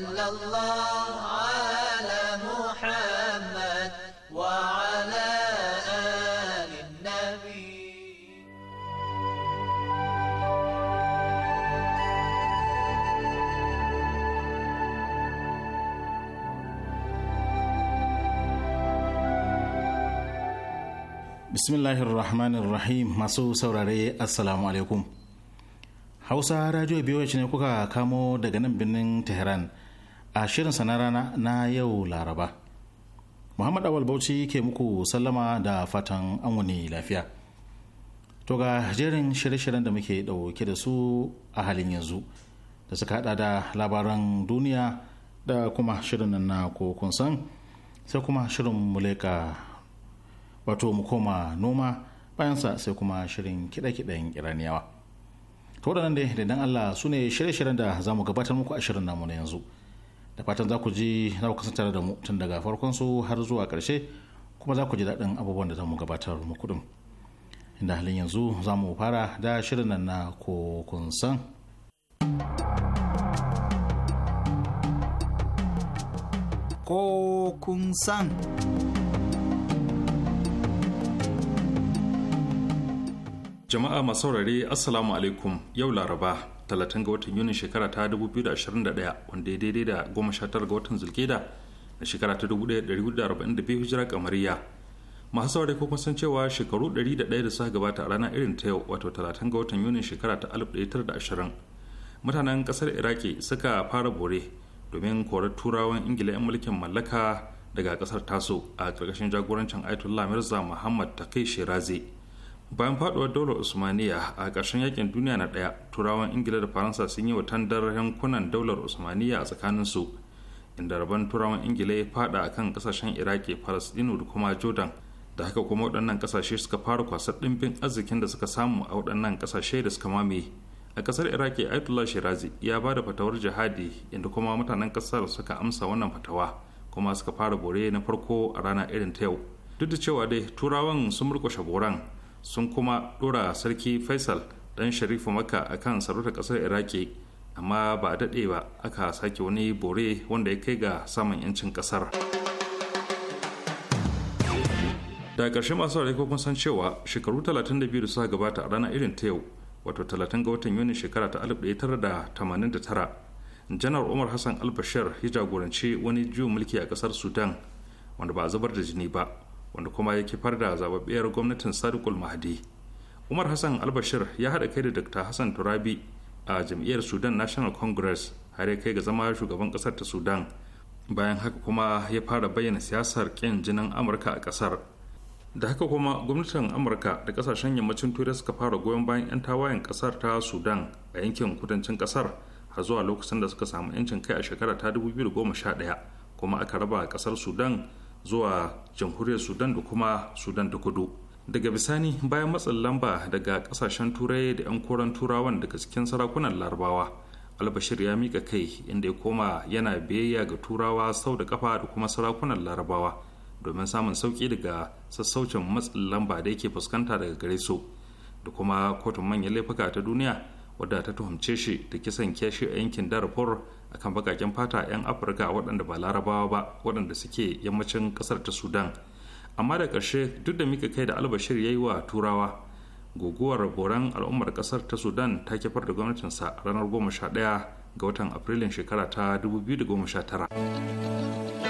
صلى الله على Bismillahirrahmanirrahim masu saurare Assalamu alaikum. Hausa Radio BOH ne kuka kamo daga nan birnin Tehran. a shirinsa na rana na yau laraba muhammad awal bauchi ke muku sallama da fatan an wani lafiya to ga jerin shirye-shiryen da muke dauke da su a halin yanzu da suka hada da labaran duniya da kuma shirin nan na kun san sai kuma shirin muleka wato mu koma noma bayansa sai kuma shirin kiɗe-kiɗen iraniyawa to waɗannan dai da allah su ne shirye-shiryen da za mu gabatar muku a shirin namu na yanzu da fatan za ku ji na ku kasance da mu tun daga farkon su har zuwa karshe kuma za ku ji daɗin abubuwan da za mu gabatar muku din inda halin yanzu za mu fara da shirin nan na kun san kun san jama'a masaurare assalamu alaikum yau laraba 30 ga watan yuni shekara ta 2021 wanda ya daidai da 19 ga watan zulkeda na shekara ta 1442 hijira kamariya masu saurari ko san cewa shekaru 101 da suka gabata a rana irin ta yau wato 30 ga watan yuni shekara ta 1920 mutanen kasar iraki suka fara bore domin korar turawan ingila 'yan mulkin mallaka daga kasar taso a ƙarƙashin jagorancin ayatollah mirza muhammad takai shirazi bayan faduwar daular usmaniya a ƙarshen yakin duniya na ɗaya turawan ingila da faransa sun yi wa tandar yankunan daular usmaniya a tsakaninsu inda rabon turawan ingila ya fada kan ƙasashen iraki falasɗinu da kuma jordan da haka kuma waɗannan ƙasashe suka fara kwasar ɗimbin arzikin da suka samu a waɗannan ƙasashe da suka mame a ƙasar iraki ayatollah shirazi ya ba da fatawar jihadi inda kuma mutanen ƙasar suka amsa wannan fatawa kuma suka fara bore na farko a rana irin ta yau duk da cewa dai turawan sun murƙushe boran sun kuma dora sarki faisal dan sharifu maka kan sarauta kasar iraki amma ba a daɗe ba aka sake wani bore wanda ya kai ga samun 'yancin kasar da ƙarshe masu rai kun san cewa shekaru 32 da suka gabata a ranar irin ta yau wato 30 ga watan yuni shekara ta 1989 janar umar hassan albashir ya jagoranci wani juyin mulki a ƙasar sudan wanda ba a zubar da jini ba wanda kuma ya kifar da zababbiyar gwamnatin sadiqul mahdi umar hassan albashir ya haɗa kai da dr hassan turabi a jam'iyyar sudan national congress har ya kai ga zama shugaban ƙasar ta sudan bayan haka kuma ya fara bayyana siyasar ƙin jinin amurka a ƙasar da haka kuma gwamnatin amurka da ƙasashen yammacin turai suka fara goyon bayan 'yan tawayen ƙasar ta sudan a yankin kudancin ƙasar har zuwa lokacin da suka samu 'yancin kai a shekara ta 2011 kuma aka raba ƙasar sudan zuwa jamhuriyar sudan da kuma sudan ta kudu daga bisani bayan matsin lamba daga kasashen turai da 'yan koren turawan daga cikin sarakunan larabawa albashir ya mika kai inda ya koma yana biyayya ga turawa sau da kafa da kuma sarakunan larabawa domin samun sauki daga sassaucin matsin lamba da yake fuskanta daga gare su da kuma kotun manyan laifuka ta duniya wadda ta tuhumce shi da kisan kyashi a yankin darfur kan bakaken fata 'yan afirka waɗanda ba larabawa ba waɗanda suke yammacin ƙasar ta sudan amma da ƙarshe duk da mika kai da albashir ya yi wa turawa guguwar boran al'ummar ƙasar ta sudan ta kifar da gwamnatinsa ranar 11 ga watan afrilun shekara ta 2019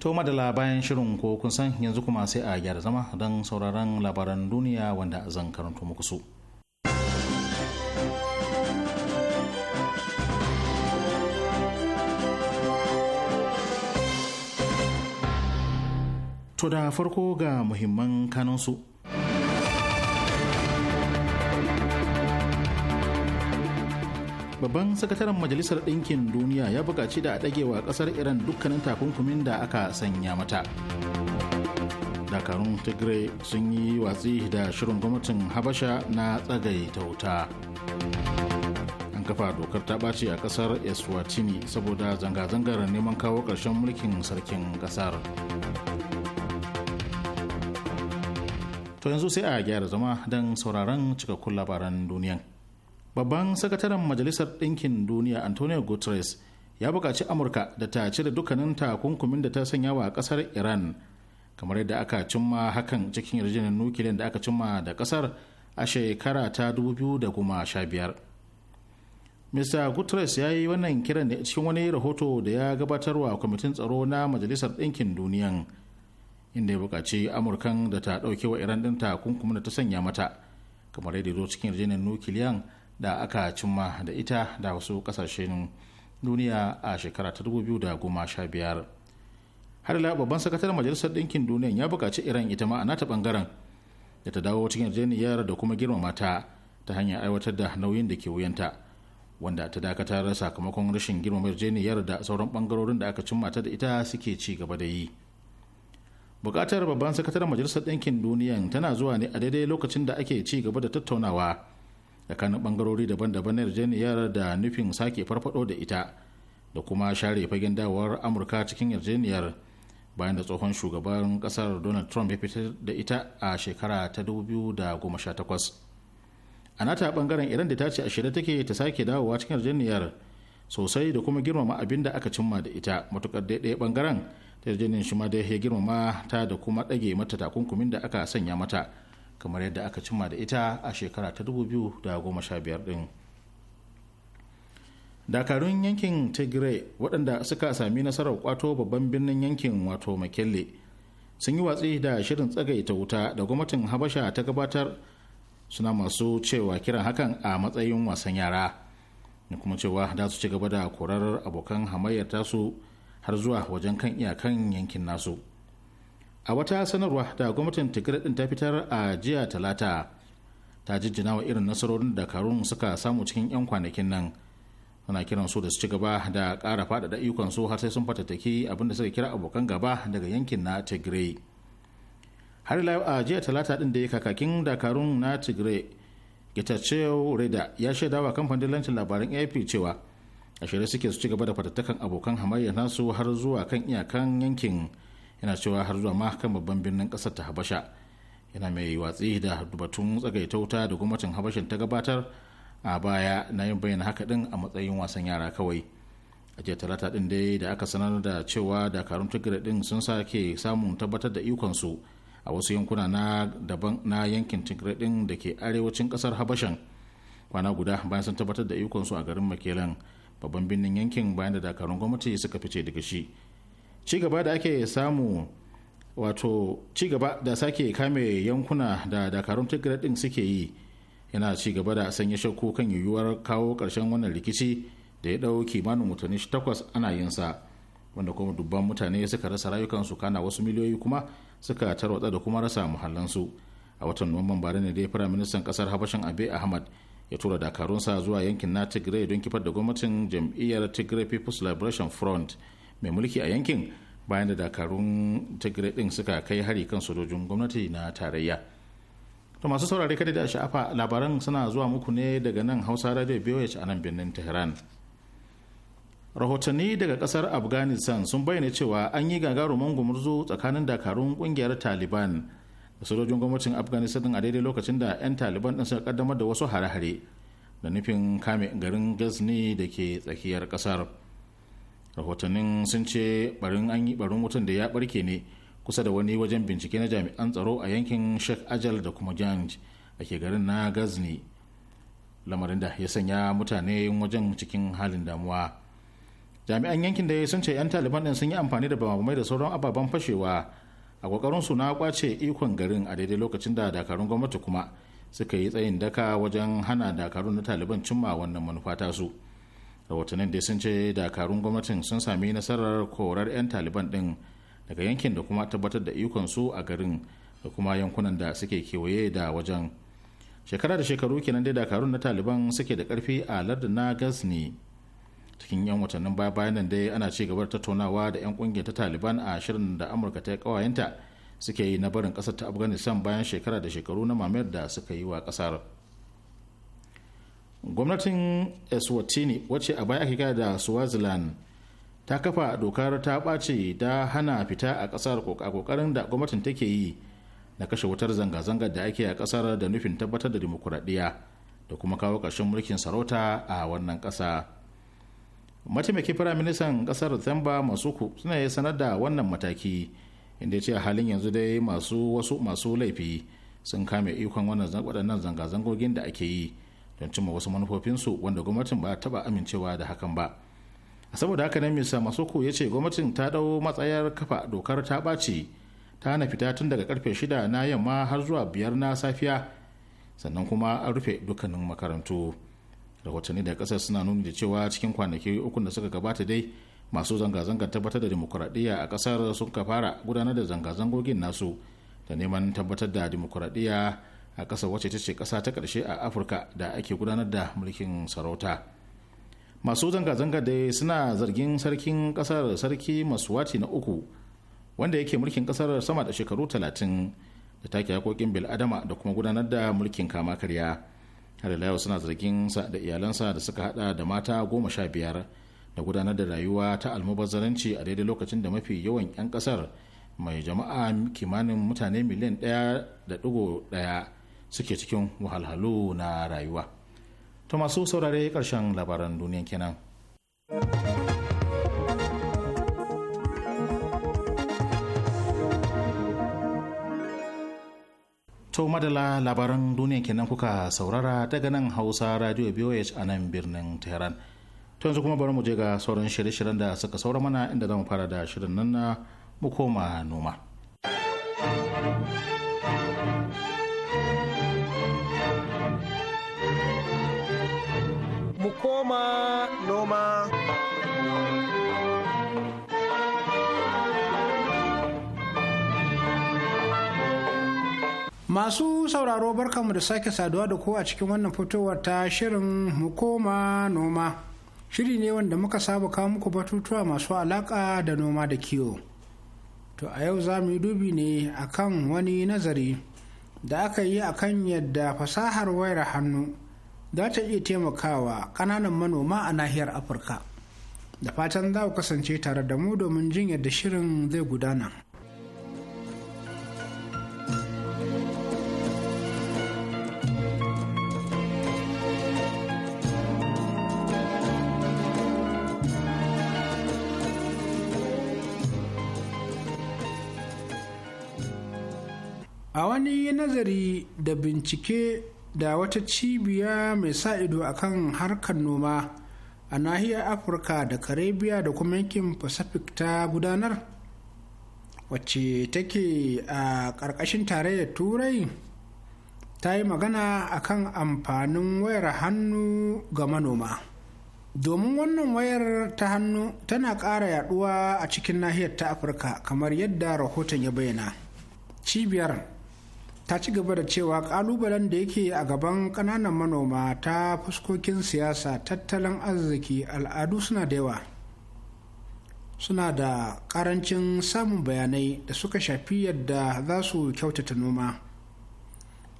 To madala bayan shirin ko kun san yanzu kuma sai a gyara zama don sauraron labaran duniya wanda zan karanto muku su. To da farko ga muhimman kanansu. babban sakataren majalisar ɗinkin duniya ya buƙaci da a ɗagewa ƙasar iran dukkanin takunkumin da aka sanya mata dakarun tigray sun yi watsi da shirin gwamnatin habasha na tsagaita wuta an kafa dokar ta ɓaci a ƙasar eswatini saboda zanga-zangar neman kawo ƙarshen mulkin sarkin ƙasar to yanzu sai a gyara zama don sauraron cikakkun labaran duniyan. babban sakataren majalisar ɗinkin duniya antonio guterres ya buƙaci amurka da ta da dukkanin takunkumin da ta sanya wa ƙasar iran kamar yadda aka cimma hakan cikin yarjejeniyar nukiliyar da aka cimma da ƙasar a shekara ta biyu da kuma sha biyar. mr guterres ya yi wannan kiran ne cikin wani rahoto da ya gabatarwa kwamitin tsaro na majalisar ɗinkin duniya inda ya buƙaci amurkan da ta ɗauke wa iran ɗin takunkumin da ta sanya mata kamar yadda zo cikin yarjejeniyar nukiliyan da aka cimma da ita da wasu kasashen duniya a shekara ta dubu biyu da biyar. har ila babban sakataren majalisar ɗinkin duniya ya buƙaci iran ita ma a nata ɓangaren da ta dawo cikin yarjejeniyar da kuma girmama ta ta hanyar aiwatar da nauyin da ke wuyanta wanda ta dakatar sakamakon rashin girmama yarjejeniyar da sauran ɓangarorin da aka cimma ta da ita suke ci gaba da yi buƙatar babban sakataren majalisar ɗinkin duniya tana zuwa ne a daidai lokacin da ake ci gaba da tattaunawa tsakanin bangarori daban-daban na yarjejeniyar da nufin sake farfado da ita da kuma share fagen dawowar amurka cikin yarjejeniyar bayan da tsohon shugaban kasar donald trump ya fitar da ita a shekara ta 2018 a nata bangaren iran da ta ce a shirye take ta sake dawowa cikin yarjejeniyar sosai da kuma girmama abin da aka cimma da ita matukar daidai bangaren ta yarjejeniyar shi ma da ya girmama ta da kuma ɗage mata takunkumin da aka sanya mata kamar yadda aka cimma da ita a shekara ta 2015 din dakarun yankin tigray waɗanda suka sami nasarar kwato babban birnin yankin wato makelle sun yi watsi da shirin tsagaita wuta da gwamnatin habasha ta gabatar suna masu cewa kiran hakan a matsayin wasan yara da kuma cewa da su ci gaba da korar abokan hamayyar tasu har zuwa wajen kan iyakan yankin nasu a wata sanarwa da gwamnatin tigray din ta fitar a jiya talata ta jinjina wa irin nasarorin da karun suka samu cikin 'yan kwanakin nan ana kiran su da su ci gaba da ƙara faɗaɗa ikon su har sai sun fatattaki abinda suka kira abokan gaba daga yankin na tigray har ila a jiya talata din da ya kakakin dakarun na tigray gitaceo reda ya wa kamfanin lantin labaran ap cewa a shirye suke su ci gaba da fatattakan abokan hamayya nasu har zuwa kan iyakan yankin yana cewa har zuwa ma kan babban birnin kasar ta habasha yana mai watsi da batun tsagaitauta wuta da gwamnatin habashin ta gabatar a baya na yin bayyana haka din a matsayin wasan yara kawai a jiya talata din dai da aka sanar da cewa dakarun tigre din sun sake samun tabbatar da su a wasu yankuna na daban na yankin tigre din da ke arewacin kasar habashan kwana guda bayan sun tabbatar da su a garin makelan babban birnin yankin bayan da dakarun gwamnati suka fice daga shi ci da ake samu wato cigaba da sake kame yankuna da dakarun tigray din suke yi yana cigaba gaba da sanya shakku kan yiwuwar kawo ƙarshen wannan rikici da ya ɗau kimanin mutane takwas ana yinsa wanda kuma dubban mutane suka rasa rayukansu kana wasu miliyoyi kuma suka tarwatsa da kuma rasa muhallansu a watan nuwamban bare ne dai firaministan kasar habashin abe ahmad ya tura dakarunsa zuwa yankin na tigray don kifar da gwamnatin jam'iyyar tigray people's liberation front mai mulki a yankin bayan da dakarun tigray din suka kai hari kan sojojin gwamnati na tarayya to masu saurare kada da sha'afa labaran suna zuwa muku ne daga nan hausa radio biyoyi a nan birnin tehran rahotanni daga kasar afghanistan sun bayyana cewa an yi gagarumin gumurzu tsakanin dakarun kungiyar taliban da sojojin gwamnatin afghanistan a daidai lokacin da 'yan taliban din suka kaddamar da wasu hare-hare da nufin kame garin gazni da ke tsakiyar kasar rahotannin sun ce barin an yi barin wutan da ya barke ne kusa da wani wajen bincike na jami'an tsaro a yankin sheikh ajal da kuma janj a ke garin na gazni lamarin da ya sanya mutane wajen cikin halin damuwa jami'an yankin da sun ce 'yan taliban din sun yi amfani da bamamai da sauran ababen fashewa a kokarin su na kwace ikon garin a daidai lokacin da dakarun gwamnati kuma suka yi tsayin daka wajen hana dakarun na taliban cimma wannan manufa su rahotannin dai sun ce dakarun gwamnatin sun sami nasarar korar 'yan taliban din daga yankin da kuma tabbatar da ikonsu a garin da kuma yankunan da suke kewaye da wajen shekara da shekaru kenan dai dakarun na taliban suke da karfi a lardin na ne cikin 'yan watannin baya bayan nan dai ana ci gaba da tattaunawa da 'yan kungiyar ta taliban a shirin da amurka ta kawayenta suke yi na barin kasar ta afghanistan bayan shekara da shekaru na mamayar da suka yi wa kasar gwamnatin eswatini wacce a baya ake kira da swaziland ta kafa dokar ta ɓace ta hana fita a ƙasar a ƙoƙarin da gwamnatin take yi na kashe wutar zanga-zangar da ake a ƙasar da nufin tabbatar da dimokuraɗiyya da kuma kawo ƙarshen mulkin sarauta a wannan ƙasa mataimakin firaministan ƙasar zamba masuku suna yi sanar da wannan mataki inda ya ce a halin yanzu dai masu wasu masu laifi sun kame ikon waɗannan zanga-zangogin da ake yi don cimma wasu manufofinsu wanda gwamnatin ba taba amincewa da hakan ba saboda haka ne misa masoko ya ce gwamnatin ta dau matsayar kafa dokar ta ɓaci ta hana fita tun daga karfe shida na yamma har zuwa biyar na safiya sannan kuma an rufe dukkanin makarantu rahotanni da kasar suna nuna da cewa cikin kwanaki uku da suka gabata dai masu zanga-zangar tabbatar da demokuraɗiyya a kasar sun fara gudanar da zanga-zangogin nasu da neman tabbatar da demokuraɗiyya a ƙasa wacce ta ce ƙasa ta ƙarshe a afirka da ake gudanar da mulkin sarauta masu zanga-zanga da suna zargin sarkin ƙasar sarki maswati na uku wanda yake mulkin ƙasar sama da shekaru talatin da take haƙoƙin bil'adama da kuma gudanar da mulkin kama karya har yau suna zargin sa da iyalansa da suka hada da mata goma sha biyar da gudanar da rayuwa ta almubazzaranci a daidai lokacin da mafi yawan 'yan ƙasar mai jama'a kimanin mutane miliyan ɗaya da ɗigo ɗaya suke cikin wahalhalu na rayuwa to masu saurare karshen labaran duniya kenan to madala labaran duniya kenan kuka saurara daga nan hausa radio boh a nan birnin tehran to yanzu kuma bari mu je ga sauran shirye-shiryen da suka saura mana inda zamu fara da shirin nan na mu koma noma noma noma masu sauraro barkanmu da sake saduwa da kowa cikin wannan fitowar ta shirin koma noma shiri ne wanda muka saba kawo muku batutuwa masu alaka da noma da kiwo to a yau za mu yi dubi ne akan wani nazari da aka yi akan yadda fasahar wayar hannu za ta iya taimakawa ƙananan manoma a nahiyar afirka da fatan za ku kasance tare da mu domin jin yadda shirin zai gudana a wani nazari da bincike da wata cibiya mai sa ido a kan harkar noma a nahiyar afirka da karibiya da kuma yankin pacific ta gudanar wacce take a ƙarƙashin tarayyar turai ta yi magana a kan amfanin wayar hannu ga manoma domin wannan wayar ta hannu tana ƙara yaduwa a cikin nahiyar ta afirka kamar yadda rahoton ya bayyana cibiyar ta ci gaba da cewa kalubalen da yake a gaban kananan manoma ta fuskokin siyasa tattalin arziki al'adu suna da yawa suna da karancin samun bayanai da suka shafi yadda za su kyautata noma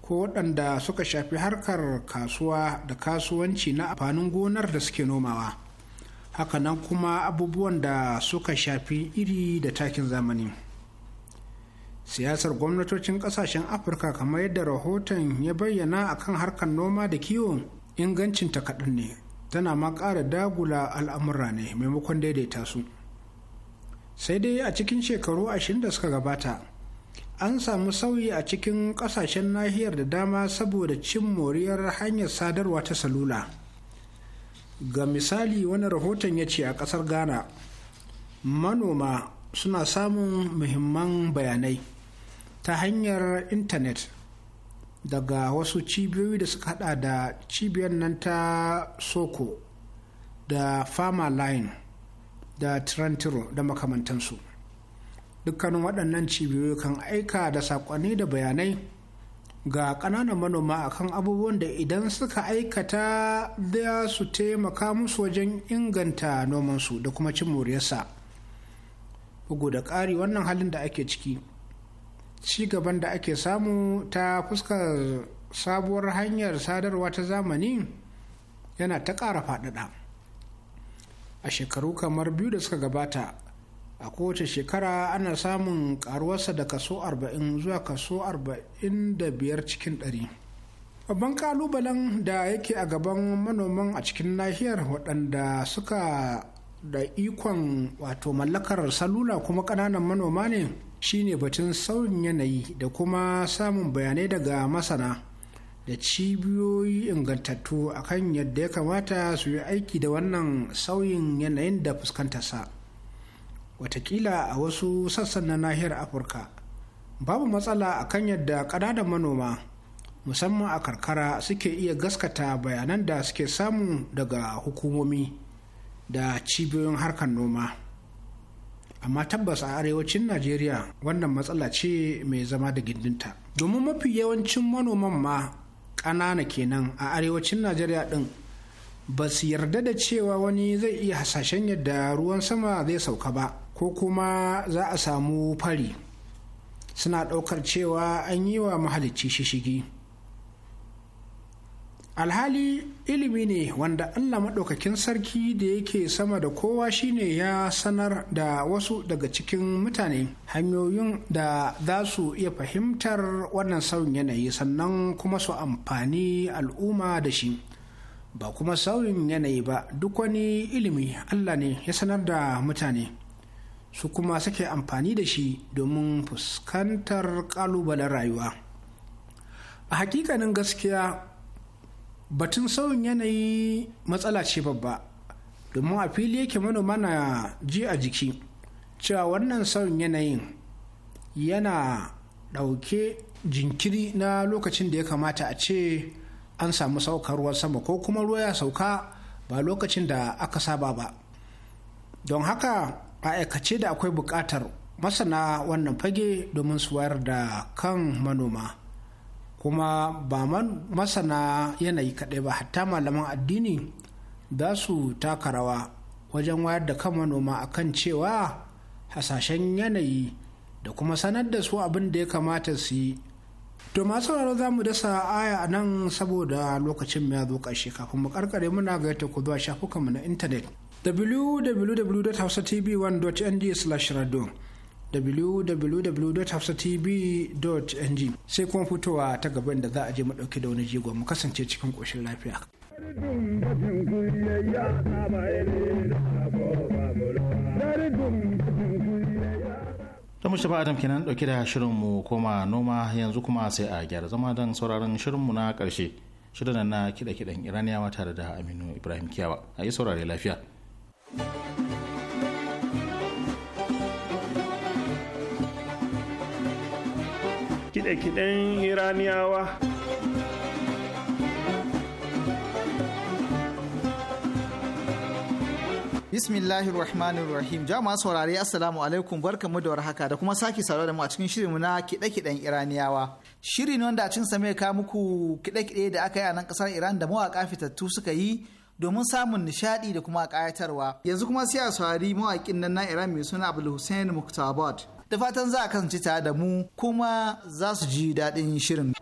ko waɗanda suka shafi harkar kasuwa da kasuwanci na amfanin gonar da suke nomawa hakanan kuma abubuwan da suka shafi iri da takin zamani. siyasar gwamnatocin kasashen afirka kamar yadda rahoton ya bayyana a kan harkar noma da kiwo ingancinta kaɗan ne tana ma ƙara dagula al'amura ne maimakon daidaita su sai dai a cikin shekaru ashirin da suka gabata an samu sauyi a cikin ƙasashen nahiyar da dama saboda cin moriyar hanyar sadarwa ta salula ga misali wani rahoton ya ce a ƙasar ghana manoma suna samun muhimman bayanai ta hanyar intanet daga wasu cibiyoyi da suka hada da cibiyar nan ta soko da fama line da trentiro da makamantansu dukkanin waɗannan cibiyoyi kan aika da saƙonni da bayanai ga ƙananan manoma akan abubuwan da idan suka aikata za su taimaka musu wajen inganta nomansu da kuma cin moriyarsa bugu da ƙari wannan halin da ake ciki ci gaban da ake samu ta fuskar sabuwar hanyar sadarwa ta zamani yana ta ƙara faɗaɗa a shekaru kamar biyu da suka gabata a kowace shekara ana samun ƙaruwarsa da kaso 40 zuwa kaso 45 cikin 100 babban kalubalen da yake a gaban manoman a cikin nahiyar waɗanda suka da ikon wato mallakar salula kuma ƙananan manoma ne shine batun sauyin yanayi da kuma samun bayanai daga masana da cibiyoyi ingantattu akan yadda ya kamata su yi aiki da wannan sauyin yanayin da fuskantarsa watakila a wasu sassan na nahiyar afirka babu matsala akan yadda ƙananan manoma musamman a karkara suke iya gaskata bayanan da suke samu daga hukumomi da cibiyoyin harkar noma. amma tabbas a arewacin najeriya wannan matsala ce mai zama da gindinta domin mafi yawancin manoman ma ƙanana kenan a arewacin najeriya ɗin ba su yarda da cewa wani zai iya hasashen yadda ruwan sama zai sauka ba ko kuma za a samu fari suna ɗaukar cewa an yi wa mahalicci shishigi alhali ilimi ne wanda allah maɗaukakin sarki da yake sama da kowa shine ya sanar da wasu daga cikin mutane hanyoyin da za su iya fahimtar wannan sauyin yanayi sannan kuma su amfani al'umma da shi ba kuma sauyin yanayi ba duk wani ilimi allah ne ya sanar da mutane su kuma suke amfani da shi domin fuskantar ƙalubalen rayuwa a hakikanin gaskiya batun sauyin yanayi matsala ce babba domin a fili yake manoma na ji a jiki cewa wannan sauyin yanayin yana ɗauke jinkiri na lokacin da ya kamata a ce an samu saukar ruwan sama ko kuma ruwa ya sauka ba lokacin da aka saba ba don haka a aikace da akwai buƙatar masana wannan fage domin su wayar da kan manoma kuma ba masana yanayi kaɗai ba hatta malaman addini za su taka rawa wajen wayar da kan manoma a kan cewa hasashen yanayi da kuma sanar da su abin da ya kamata su yi to masu sauraro za mu dasa aya a nan saboda lokacin ya zo ƙarshe kafin mu karkare muna ga yadda ku zuwa shafukanmu na intanet www.hausatv1.ng/radio www.hafsatv.ng sai kuma fitowa ta gaban da za a je mu da wani jigon mu kasance cikin koshin lafiya. da mustapha adam kenan dauke da shirinmu koma noma yanzu kuma sai a gyara zama don sauraron shirinmu na karshe shirin na kida kidan iraniyawa tare da aminu ibrahim kiyawa a yi saurare lafiya. kide-kiden iraniyawa bismillahir rahmanir rahim jama'a saurare assalamu alaikum barkamu da warhaka da kuma sake saurare da mu a cikin shirinmu na kiɗe-kiɗen iraniyawa shiri ne wanda a cin same ka muku kiɗe-kiɗe da aka yi a nan ƙasar iran da mawaka fitattu suka yi domin samun nishaɗi da kuma kayatarwa yanzu kuma sai a saurari mawaƙin nan na iran mai suna abdul hussein muktabad da fatan za a kasance tare da mu kuma za su ji daɗin shirin.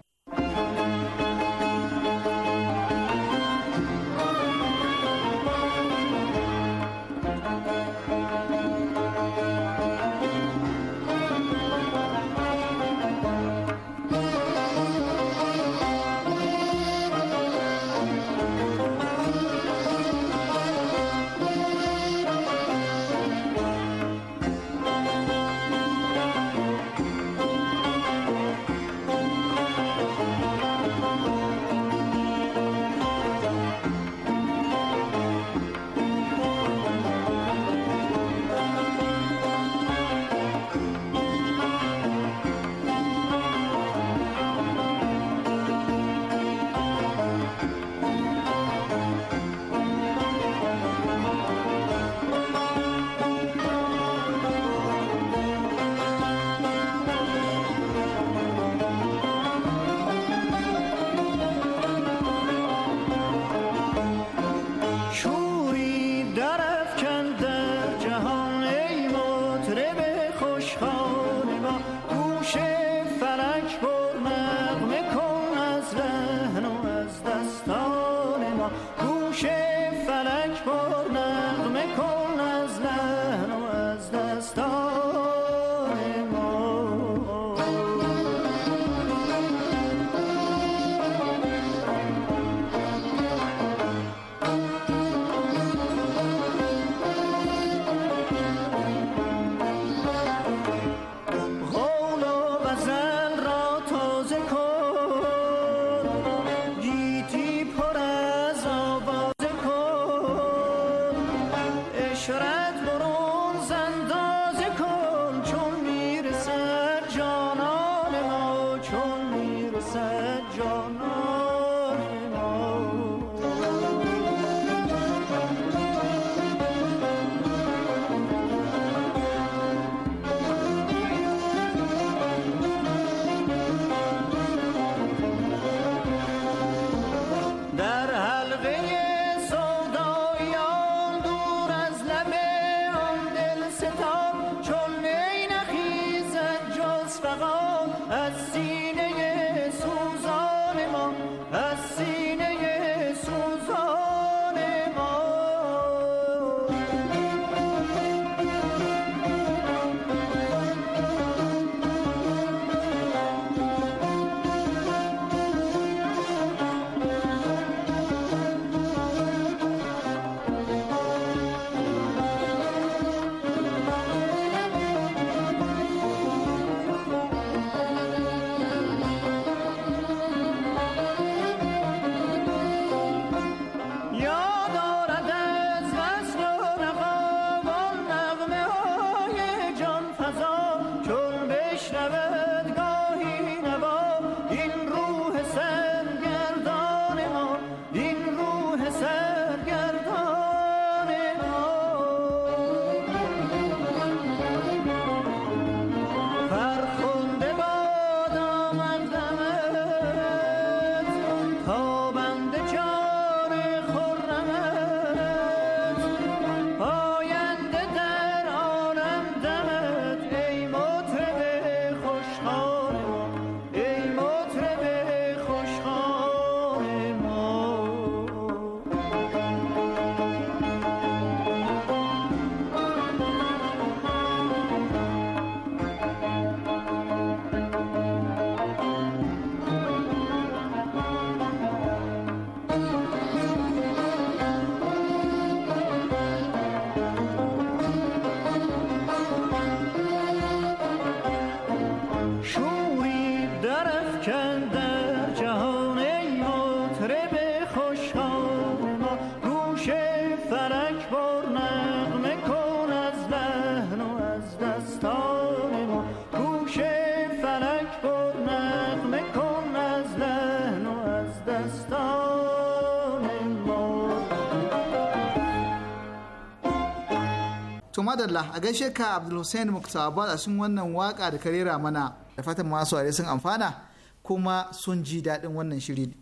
Allah a gaishe ka Abdul Hussein Muktabal a sun wannan waka da ka karera mana da fatan masu are sun amfana kuma sun ji daɗin wannan shiri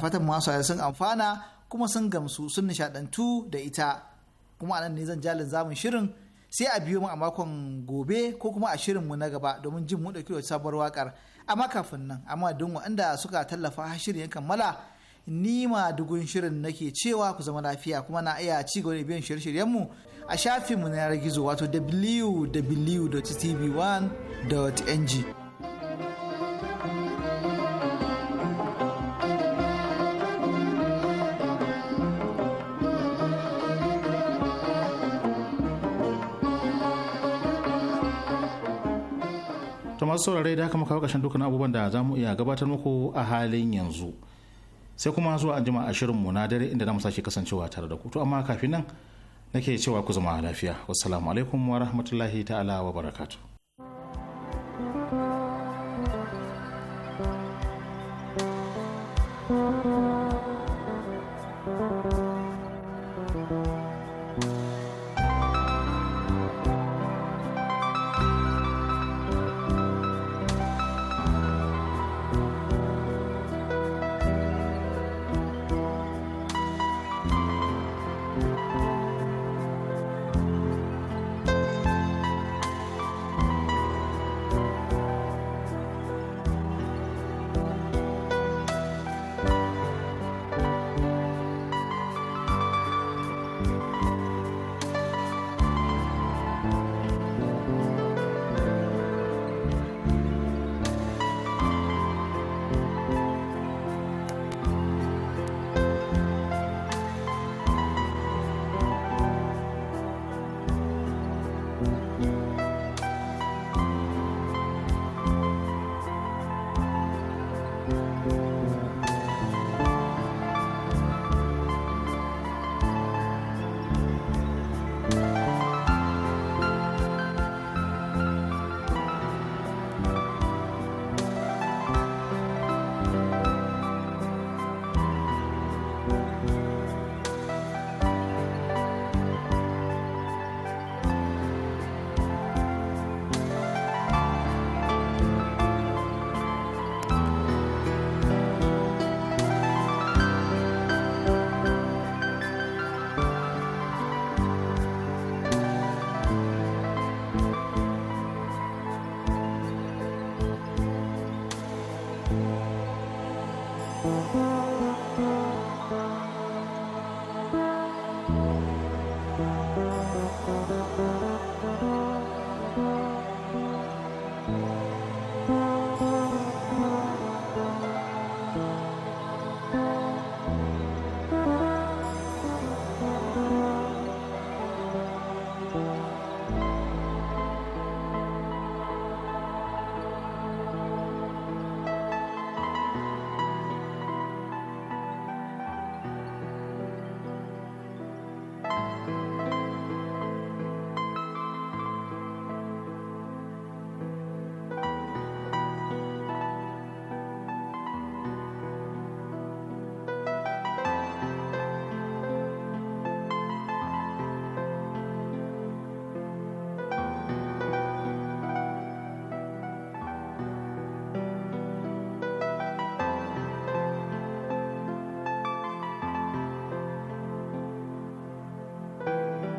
fatan masu are sun amfana kuma sun gamsu sun nishadantu da ita kuma anan ne zan jalin zamun shirin sai a biyo mu a makon gobe ko kuma a shirin mu na gaba domin jin mu dauki sabuwar wakar amma kafin nan amma don waɗanda suka tallafa shirin ya kammala ni ma dugun shirin nake cewa ku zama lafiya kuma na iya ci gaba da biyan shirye-shiryenmu a mu na yanar gizo wato www.tv1.ng masu saurare da haka maka kawo ƙarshen dukkan abubuwan da za mu iya gabatar muku a halin yanzu sai kuma zuwa an jima a shirinmu na dare inda za mu sake kasancewa tare da ku to amma kafin nan nake cewa ku zama lafiya wassalamu alaikum wa rahmatullahi ta'ala wa barakatu